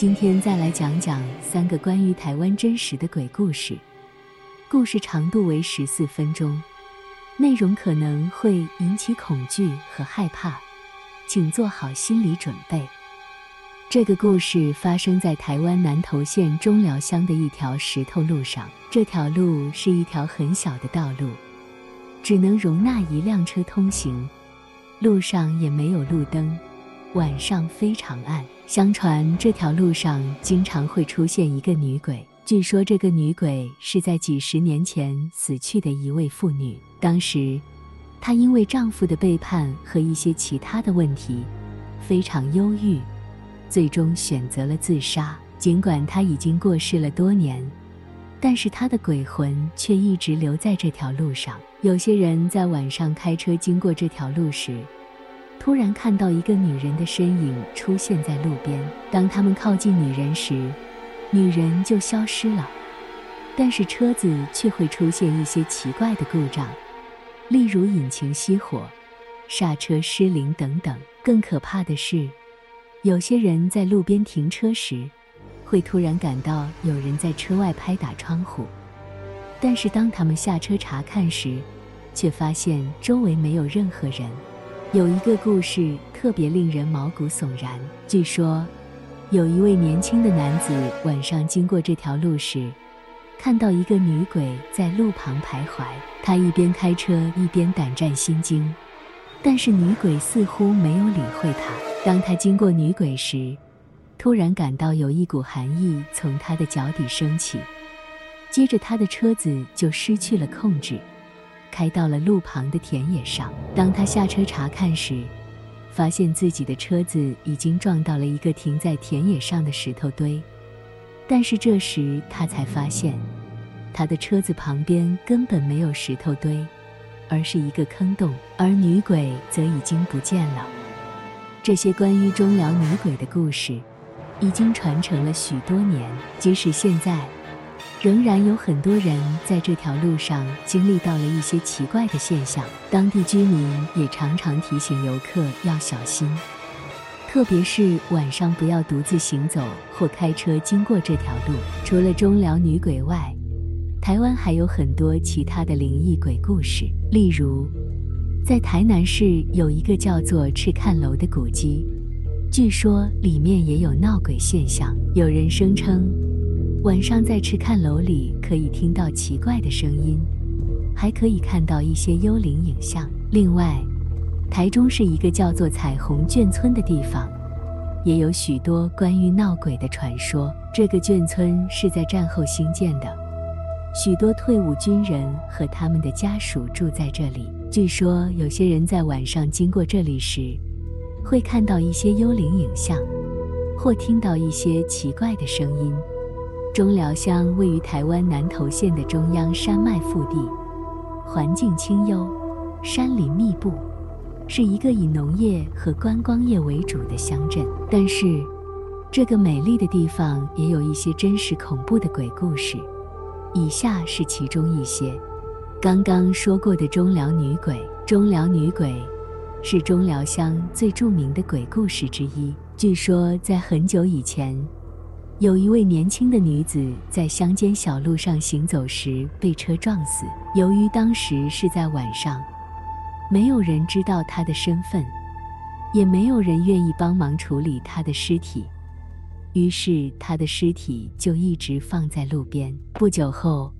今天再來講講三個關於台灣真實的鬼故事，故事長度為十四分鐘，內容可能會引起恐懼和害怕，請做好心理準備。這個故事發生在臺灣南投縣中寮鄉的一條石頭路上，這條路是一條很小的道路，只能容納一輛車通行，路上也沒有路燈。晚上非常暗。相傳這條路上經常會出現一個女鬼。據說這個女鬼是在幾十年前死去的一位婦女。當時，她因為丈夫的背叛和一些其他的問題，非常憂鬱，最終選擇了自殺。儘管她已經過世了多年，但是她的鬼魂卻一直留在這條路上。有些人在晚上開車經過這條路時，突然看到一個女人的身影出現在路邊。當他們靠近女人時，女人就消失了，但是車子卻會出現一些奇怪的故障，例如引擎熄火、剎車失靈等等。更可怕的是，有些人在路邊停車時，會突然感到有人在車外拍打窗戶，但是當他們下車查看時，卻發現周圍沒有任何人。有一個故事特別令人毛骨悚然。據說，有一位年輕的男子晚上經過這條路時，看到一個女鬼在路旁徘徊。他一邊開車一邊膽戰心驚，但是女鬼似乎沒有理會他。當他經過女鬼時，突然感到有一股寒意從他的腳底升起，接着他的車子就失去了控制。開到了路旁的田野上。當他下車查看時，發現自己的車子已經撞到了一個停在田野上的石頭堆。但是這時他才發現，他的車子旁邊根本沒有石頭堆，而是一個坑洞。而女鬼則已經不見了。這些關於中寮女鬼的故事，已經傳承了許多年。即使現在。仍然有很多人在這條路上經歷到了一些奇怪的現象，當地居民也常常提醒遊客要小心，特別是晚上不要獨自行走或開車經過這條路。除了中寮女鬼外，台灣還有很多其他的靈異鬼故事，例如，在台南市有一個叫做赤崁樓的古蹟，據說裡面也有鬧鬼現象，有人聲稱。晚上在赤崁樓裡可以聽到奇怪的聲音，還可以看到一些幽靈影像。另外，台中是一個叫做彩虹眷村的地方，也有許多關於鬧鬼的傳說。這個眷村是在戰後興建的，許多退伍軍人和他們的家屬住在這裡。據說有些人在晚上經過這裡時，會看到一些幽靈影像，或聽到一些奇怪的聲音。中寮鄉位於台灣南投縣的中央山脈腹地，環境清幽，山林密布，是一個以農業和觀光業為主的鄉鎮。但是，這個美麗的地方也有一些真實恐怖的鬼故事。以下是其中一些。剛剛說過的中寮女鬼，中寮女鬼是中寮鄉最著名的鬼故事之一。據說在很久以前，有一位年輕的女子在鄉間小路上行走時，被車撞死。由於當時是在晚上，沒有人知道她的身份，也沒有人願意幫忙處理她的屍體，於是她的屍體就一直放在路邊。不久後，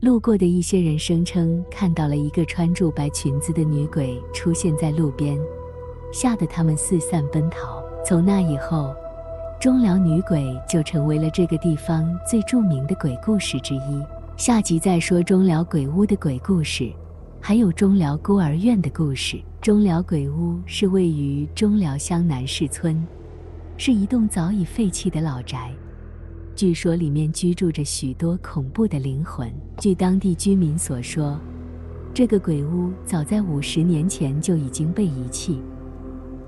路過的一些人聲稱看到了一個穿着白裙子的女鬼出現在路邊，嚇得他們四散奔逃。從那以後，中寮女鬼就成為了這個地方最著名的鬼故事之一。下集再說中寮鬼屋的鬼故事，還有中寮孤兒院的故事。中寮鬼屋是位於中寮鄉南市村，是一棟早已廢棄的老宅。據說裡面居住着許多恐怖的靈魂。據當地居民所說，這個鬼屋早在五十年前就已經被遺棄。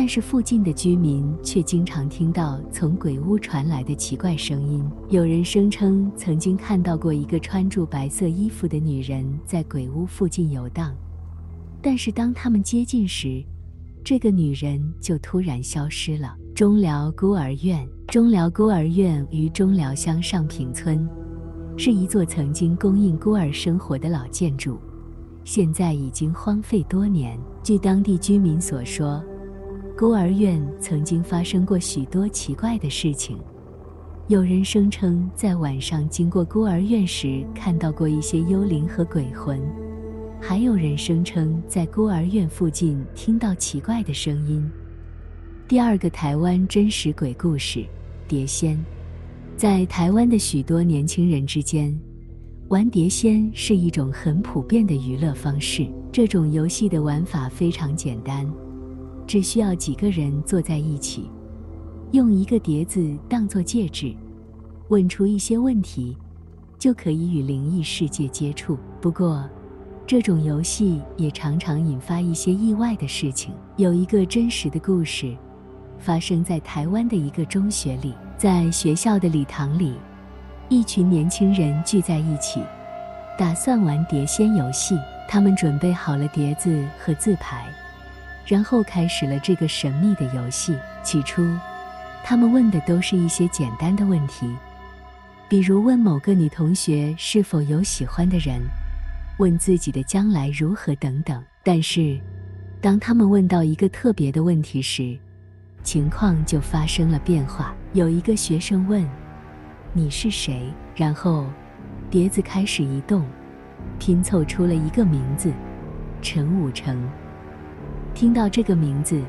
但是附近的居民卻經常聽到從鬼屋傳來的奇怪聲音。有人聲稱曾經看到過一個穿着白色衣服的女人在鬼屋附近遊蕩，但是當他們接近時，這個女人就突然消失了。中寮孤兒院，中寮孤兒院於中寮鄉上坪村，是一座曾經供應孤兒生活的老建築，現在已經荒廢多年。據當地居民所說。孤兒院曾經發生過許多奇怪的事情，有人聲稱在晚上經過孤兒院時看到過一些幽靈和鬼魂，還有人聲稱在孤兒院附近聽到奇怪的聲音。第二個台灣真實鬼故事，《碟仙》。在台灣的許多年輕人之間，玩碟仙是一種很普遍的娛樂方式。這種遊戲的玩法非常簡單。只需要幾個人坐在一起，用一個碟子當作介質，問出一些問題，就可以與靈異世界接觸。不過，這種遊戲也常常引發一些意外的事情。有一個真實的故事，發生在台灣的一個中學裡。在學校的禮堂裡，一群年輕人聚在一起，打算玩碟仙遊戲。他們準備好了碟子和字牌。然後開始了這個神秘的遊戲。起初，他們問的都是一些簡單的問題，比如問某個女同學是否有喜歡的人，問自己的將來如何等等。但是，當他們問到一個特別的問題時，情況就發生了變化。有一個學生問：“你是誰？”然後，碟子開始移動，拼湊出了一個名字：陳武成。聽到這個名字，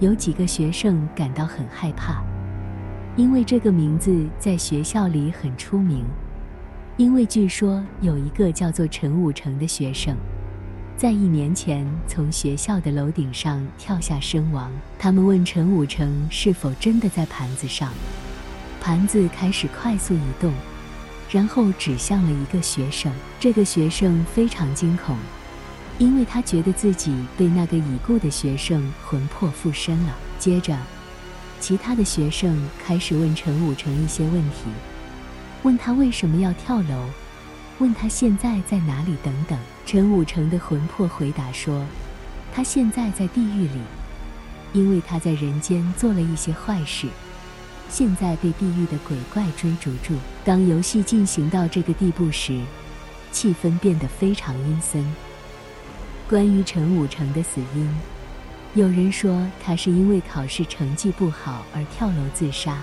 有幾個學生感到很害怕，因為這個名字在學校裡很出名。因為據說有一個叫做陳武成的學生，在一年前從學校的樓頂上跳下身亡。他們問陳武成是否真的在盤子上，盤子開始快速移動，然後指向了一個學生。這個學生非常驚恐。因為他覺得自己被那個已故的學生魂魄附身了。接着，其他的學生開始問陳武成一些問題，問他為什麼要跳樓，問他現在在哪裡等等。陳武成的魂魄回答說：“他現在在地獄裡，因為他在人間做了一些壞事，現在被地獄的鬼怪追逐住。”當遊戲進行到這個地步時，氣氛變得非常陰森。關於陳武成的死因，有人說他是因為考試成績不好而跳樓自殺，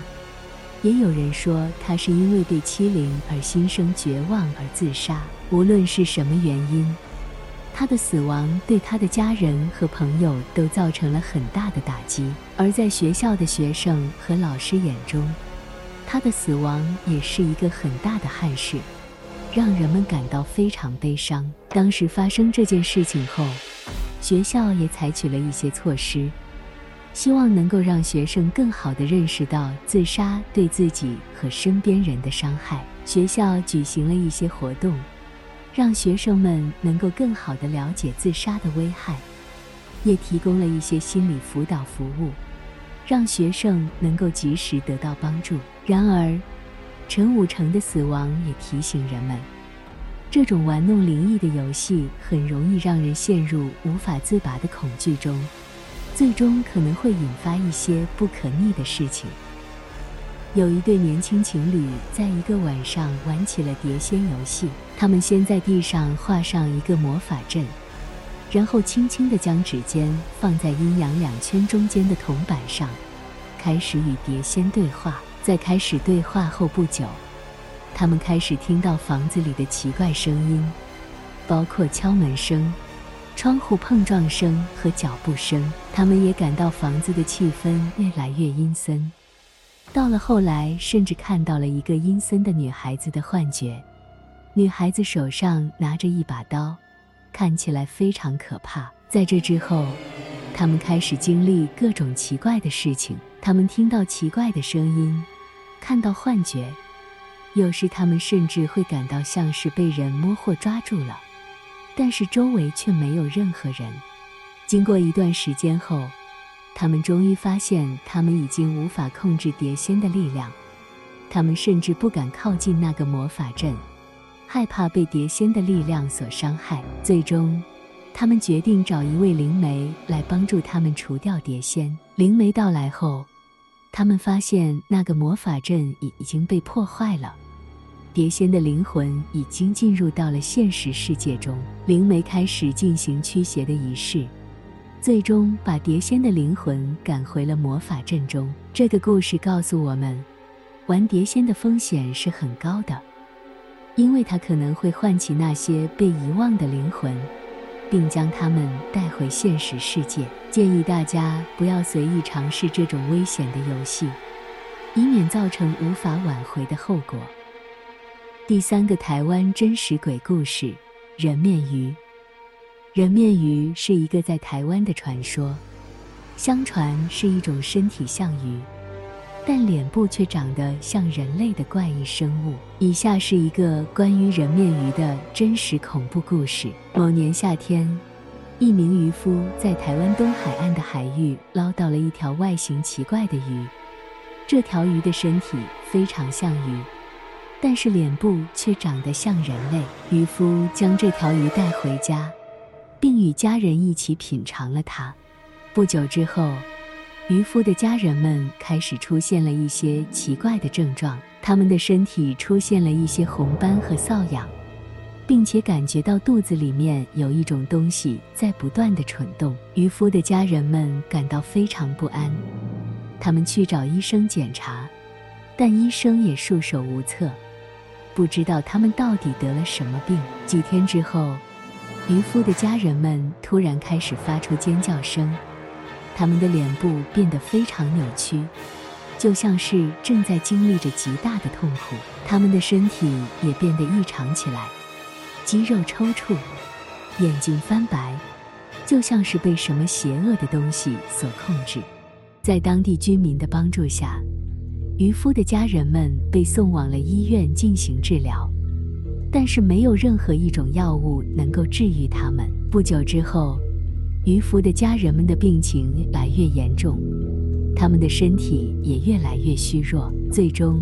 也有人說他是因為被欺凌而心生絕望而自殺。無論是什麼原因，他的死亡對他的家人和朋友都造成了很大的打擊，而在學校的學生和老師眼中，他的死亡也是一個很大的憾事。讓人們感到非常悲傷。當時發生這件事情後，學校也採取了一些措施，希望能夠讓學生更好地認識到自殺對自己和身邊人的傷害。學校舉行了一些活動，讓學生們能夠更好地了解自殺的危害，也提供了一些心理輔導服務，讓學生能夠及時得到幫助。然而，陳武成的死亡也提醒人們。這種玩弄靈異的遊戲很容易讓人陷入無法自拔的恐懼中，最終可能會引發一些不可逆的事情。有一對年輕情侶在一個晚上玩起了碟仙遊戲，他們先在地上畫上一個魔法陣，然後輕輕地將指尖放在陰陽兩圈中間的銅板上，開始與碟仙對話。在開始對話後不久，他們開始聽到房子裡的奇怪聲音，包括敲門聲、窗戶碰撞聲和腳步聲。他們也感到房子的氣氛越來越陰森。到了後來，甚至看到了一個陰森的女孩子的幻覺，女孩子手上拿着一把刀，看起來非常可怕。在這之後，他們開始經歷各種奇怪的事情。他們聽到奇怪的聲音，看到幻覺。有時他們甚至會感到像是被人摸或抓住了，但是周圍卻沒有任何人。經過一段時間後，他們終於發現他們已經無法控制碟仙的力量，他們甚至不敢靠近那個魔法陣，害怕被碟仙的力量所傷害。最終，他們決定找一位靈媒來幫助他們除掉碟仙。靈媒到來後，他們發現那個魔法陣已經被破壞了。碟仙的靈魂已經進入到了現實世界中，靈媒開始進行驅邪的儀式，最終把碟仙的靈魂趕回了魔法陣中。這個故事告訴我們，玩碟仙的風險是很高的，因為它可能會喚起那些被遺忘的靈魂，並將他們帶回現實世界。建議大家不要隨意嘗試這種危險的遊戲，以免造成無法挽回的後果。第三個台灣真實鬼故事：人面魚。人面魚是一個在台灣的傳說，相傳是一種身體像魚，但臉部卻長得像人類的怪異生物。以下是一個關於人面魚的真實恐怖故事。某年夏天，一名漁夫在台灣東海岸的海域撈到了一條外形奇怪的魚。這條魚的身體非常像魚。但是臉部卻長得像人類。漁夫將這條魚帶回家，並與家人一起品嘗了它。不久之後，漁夫的家人們開始出現了一些奇怪的症狀，他們的身體出現了一些紅斑和瘙癢，並且感覺到肚子裡面有一種東西在不斷地蠢動。漁夫的家人們感到非常不安，他們去找醫生檢查，但醫生也束手無策。不知道他們到底得了什麼病。幾天之後，漁夫的家人們突然開始發出尖叫聲，他們的臉部變得非常扭曲，就像是正在經歷着極大的痛苦。他們的身體也變得異常起來，肌肉抽搐，眼睛翻白，就像是被什麼邪惡的東西所控制。在當地居民的幫助下，漁夫的家人們被送往了醫院進行治療，但是沒有任何一種藥物能夠治癒他們。不久之後，漁夫的家人們的病情越來越嚴重，他們的身體也越來越虛弱，最終，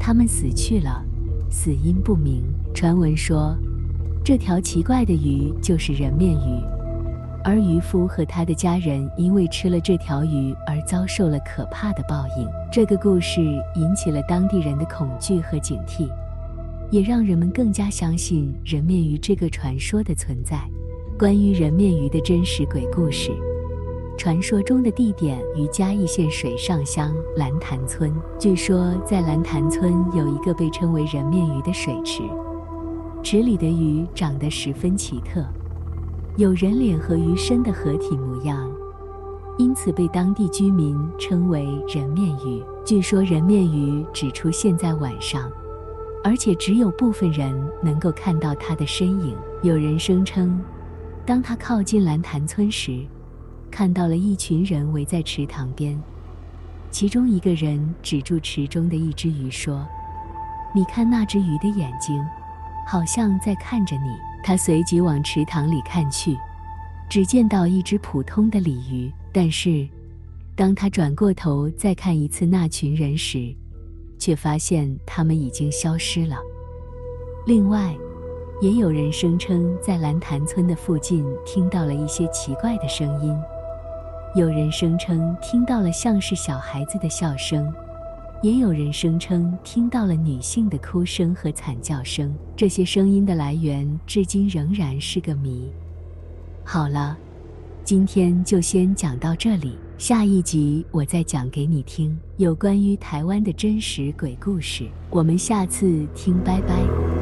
他們死去了，死因不明。傳聞說，這條奇怪的魚就是人面魚。而漁夫和他的家人因為吃了這條魚而遭受了可怕的報應。這個故事引起了當地人的恐懼和警惕，也讓人們更加相信人面魚這個傳說的存在。關於人面魚的真實鬼故事，傳說中的地點於嘉義縣水上鄉藍潭村。據說在藍潭村有一個被稱為人面魚的水池，池裡的魚長得十分奇特。有人臉和魚身的合體模樣，因此被當地居民稱為人面魚。據說人面魚只出現在晚上，而且只有部分人能夠看到它的身影。有人聲稱，當他靠近藍潭村時，看到了一群人圍在池塘邊，其中一個人指住池中的一隻魚說：“你看那隻魚的眼睛，好像在看着你。”他隨即往池塘裡看去，只見到一隻普通的鯉魚。但是，當他轉過頭再看一次那群人時，卻發現他們已經消失了。另外，也有人聲稱在藍潭村的附近聽到了一些奇怪的聲音，有人聲稱聽到了像是小孩子的笑聲。也有人聲稱聽到了女性的哭聲和慘叫聲，這些聲音的來源至今仍然是個謎。好了，今天就先講到這裡，下一集我再講給你聽有關於台灣的真實鬼故事。我們下次聽，拜拜。